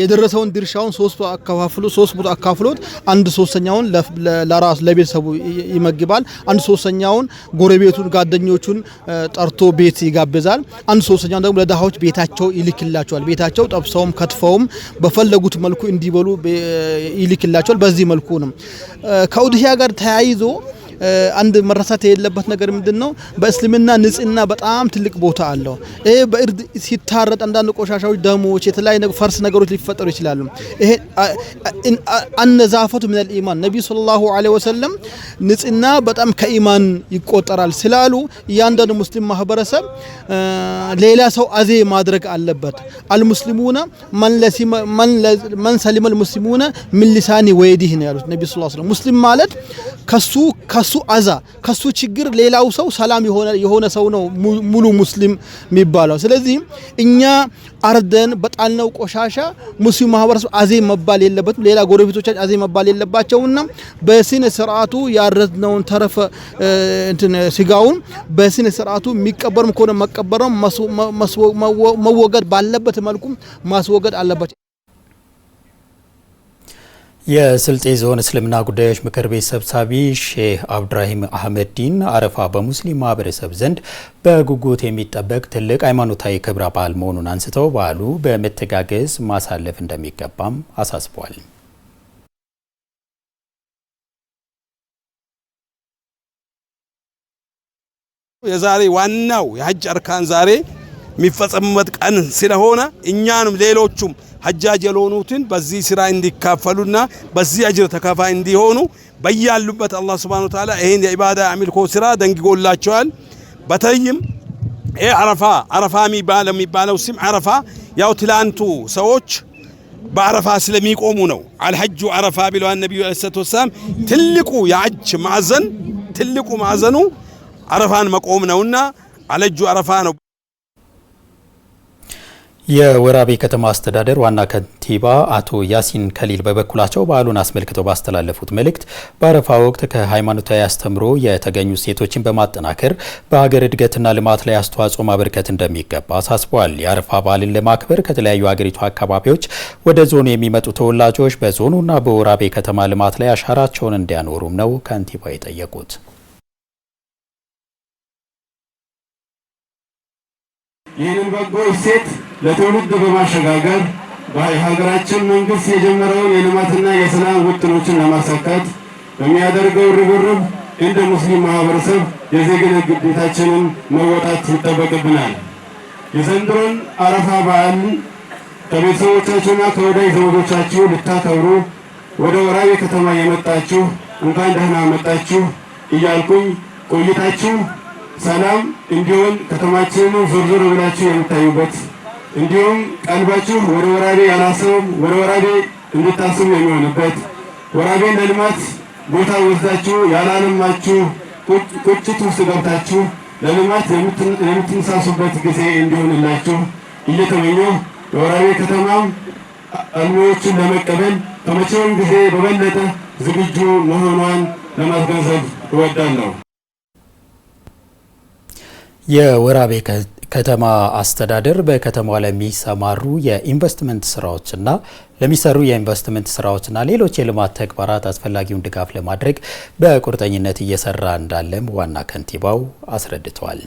የደረሰውን ድርሻውን ሶስቱ አካፍሎ ሶስት ቦታ አካፍሎት አንድ ሶስተኛውን ለራሱ ለቤተሰቡ ይመግባል። አንድ ሶስተኛውን ጎረቤቱን፣ ጓደኞቹን ጠርቶ ቤት ይጋብዛል። አንድ ሶስተኛውን ደግሞ ለድሃዎች ቤታቸው ይልክላቸዋል። ቤታቸው ጠብሰውም ከትፈውም በፈለጉት መልኩ እንዲበሉ ይልክላቸዋል። በዚህ መልኩ ነው ከኡድሂያ ጋር ተያይዞ አንድ መረሳት የሌለበት ነገር ምንድን ነው? በእስልምና ንጽህና በጣም ትልቅ ቦታ አለው። ይሄ በእርድ ሲታረጥ አንዳንድ ቆሻሻዎች፣ ደሞች፣ የተለያዩ ፈርስ ነገሮች ሊፈጠሩ ይችላሉ። ይሄ አነዛፈቱ ምን ልኢማን ነቢዩ ሰለላሁ ዐለይሂ ወሰለም ንጽህና በጣም ከኢማን ይቆጠራል ስላሉ እያንዳንዱ ሙስሊም ማህበረሰብ ሌላ ሰው አዜ ማድረግ አለበት። አልሙስሊሙና መን ሰሊመ አልሙስሊሙና ምን ሊሳኒ ወይዲህ ነው ያሉት ነቢ ስ ሙስሊም ማለት ከሱ ከሱ አዛ ከሱ ችግር ሌላው ሰው ሰላም የሆነ ሰው ነው ሙሉ ሙስሊም የሚባለው። ስለዚህ እኛ አርደን በጣልነው ቆሻሻ ሙስሊም ማህበረሰብ አዜ መባል የለበትም። ሌላ ጎረቤቶቻችን አዜ መባል የለባቸውና በስነ ስርዓቱ ያረድነውን ተረፈ ስጋውን በስነ ስርዓቱ የሚቀበርም ከሆነ መቀበረም መወገድ ባለበት መልኩም ማስወገድ አለባቸው። የስልጤ ዞን እስልምና ጉዳዮች ምክር ቤት ሰብሳቢ ሼህ አብድራሂም አህመድ ዲን አረፋ በሙስሊም ማህበረሰብ ዘንድ በጉጉት የሚጠበቅ ትልቅ ሃይማኖታዊ ክብረ በዓል መሆኑን አንስተው በዓሉ በመተጋገዝ ማሳለፍ እንደሚገባም አሳስቧል። የዛሬ ዋናው የሀጅ አርካን ዛሬ የሚፈጸምበት ቀን ስለሆነ እኛንም ሌሎቹም ሀጃጅ የሆኑትን በዚህ ስራ እንዲካፈሉና በዚህ አጅር ተካፋይ እንዲሆኑ በያሉበት አላህ ሱብሓነሁ ወተዓላ ይህን የዒባዳ አሚልኮ ስራ ደንግጎላቸዋል። በተይም ይህ አረፋ አረፋ የሚባለው ስም አረፋ ያው ትላንቱ ሰዎች በአረፋ ስለሚቆሙ ነው። አልሐጁ አረፋ ብለዋል ነቢዩ ዓለይሂ ሰላቱ ወሰላም። ትልቁ የአጅ ማዕዘን ትልቁ ማዕዘኑ አረፋን መቆም ነውና አለጁ አረፋ ነው። የወራቤ ከተማ አስተዳደር ዋና ከንቲባ አቶ ያሲን ከሊል በበኩላቸው በዓሉን አስመልክተው ባስተላለፉት መልእክት በአረፋ ወቅት ከሃይማኖታዊ አስተምሮ የተገኙ ሴቶችን በማጠናከር በሀገር እድገትና ልማት ላይ አስተዋጽኦ ማበርከት እንደሚገባ አሳስበዋል። የአረፋ በዓልን ለማክበር ከተለያዩ ሀገሪቱ አካባቢዎች ወደ ዞኑ የሚመጡ ተወላጆች በዞኑና በወራቤ ከተማ ልማት ላይ አሻራቸውን እንዲያኖሩም ነው ከንቲባ የጠየቁት። ይህንን በጎ ሴት ለትውልድ በማሸጋገር የሀገራችን መንግስት የጀመረውን የልማትና የሰላም ውጥኖችን ለማሳካት በሚያደርገው ርብርብ እንደ ሙስሊም ማህበረሰብ የዜግነት ግዴታችንን መወጣት ይጠበቅብናል። የዘንድሮን አረፋ በዓል ከቤተሰቦቻችሁና ከወዳጅ ዘመዶቻችሁ ልታከብሩ ወደ ወራቤ ከተማ የመጣችሁ እንኳን ደህና መጣችሁ እያልኩኝ ቆይታችሁ ሰላም እንዲሆን ከተማችንን ዞር ዞር ብላችሁ የምታዩበት እንዲሁም ቀልባችሁም ወደ ወራቤ ያላሰበም ወደ ወራቤ እንድታስቡ የሚሆንበት ወራቤን ለልማት ቦታ ወስዳችሁ ያላለማችሁ ቁጭት ውስጥ ገብታችሁ ለልማት የምትንሳሱበት ጊዜ እንዲሆንላችሁ እየተመኘሁ የወራቤ ከተማም አልሚዎቹን ለመቀበል ከመቼውም ጊዜ በበለጠ ዝግጁ መሆኗን ለማስገንዘብ እወዳለሁ። የወራቤ ከተማ አስተዳደር በከተማዋ ለሚሰማሩ የኢንቨስትመንት ስራዎችና ለሚሰሩ የኢንቨስትመንት ስራዎችና ሌሎች የልማት ተግባራት አስፈላጊውን ድጋፍ ለማድረግ በቁርጠኝነት እየሰራ እንዳለም ዋና ከንቲባው አስረድተዋል።